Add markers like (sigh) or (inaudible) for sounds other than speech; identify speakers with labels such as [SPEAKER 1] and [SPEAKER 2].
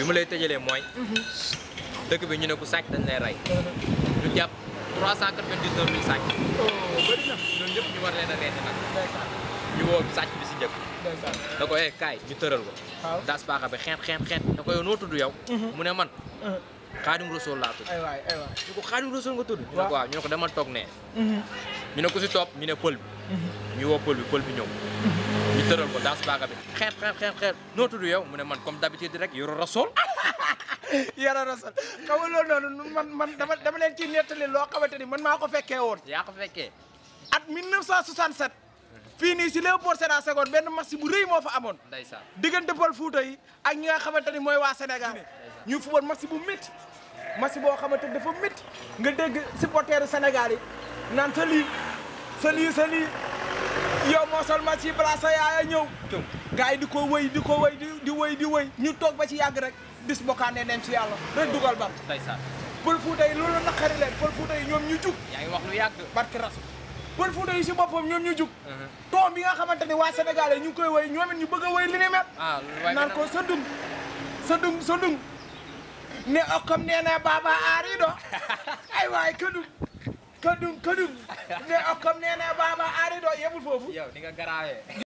[SPEAKER 1] bi mu lay tëjalee mooy dëkk bi ñu ne ku sàcc dañ lay rey ñu jàpp trois cent quatre-vingt-dix-neuf mille sàcc ñoom ñëpp ñu war leen a reeti nag ñu woo sàcc bi si njëkk da ko eh kaay ñu tëral ko das bi xeet xeet xeet da ko yow tudd yow mhm. mu ne man mhm. xaadim rasul laa tudd ñu ko xaadim rasul nga tudd ñu ko waaw ñu ne ñu ne ku si topp ñu ne pël bi ñu woo pël bi pël bi ñëw ñu tëral ko daas baaga bi xeet xeet noo tudd yow mu ne man comme di rek yoro rasool
[SPEAKER 2] (laughs) yoro rasool xam nga loolu noonu man man dama dama leen ciy nettali loo xamante ni man maa ko fekkee woon
[SPEAKER 1] yaa ko fekkee
[SPEAKER 2] at 1967 fii nii si Léopold Sédar Senghor benn match bu rëy moo fa amoon ndeysaan diggante Pël Fuuta yi ak ñi nga xamante ni mooy waa senegal ñu football match bu métti match boo xamante ni dafa métti nga dégg supporteru Sénégal yi naan sa lii sa lii sa ma ci bala yaaya ñëw gars yi di ko wëy di ko wëy di di wëy di wëy ñu toog ba ci yàgg rek bis bokkaande neem si yàlla rek dugal bam
[SPEAKER 1] pël
[SPEAKER 2] fuuta yi loolu naqari leen pël fuuta yi ñoom ñu jug yàgg barki rasu pël si boppam ñoom ñu jug toom uh-huh. bi nga xamante ne waa Sénégal yi ñu ngi koy wëy ñoo it ñu bëgg a wëy li ni mel
[SPEAKER 1] ah, naan ko
[SPEAKER 2] sa dung sa dung ne okkam nee na baaba aari do (laughs) ay waay këdum kadung kadung ne comme nee na baaba aari doo yebul foofu yow ni nga garaawee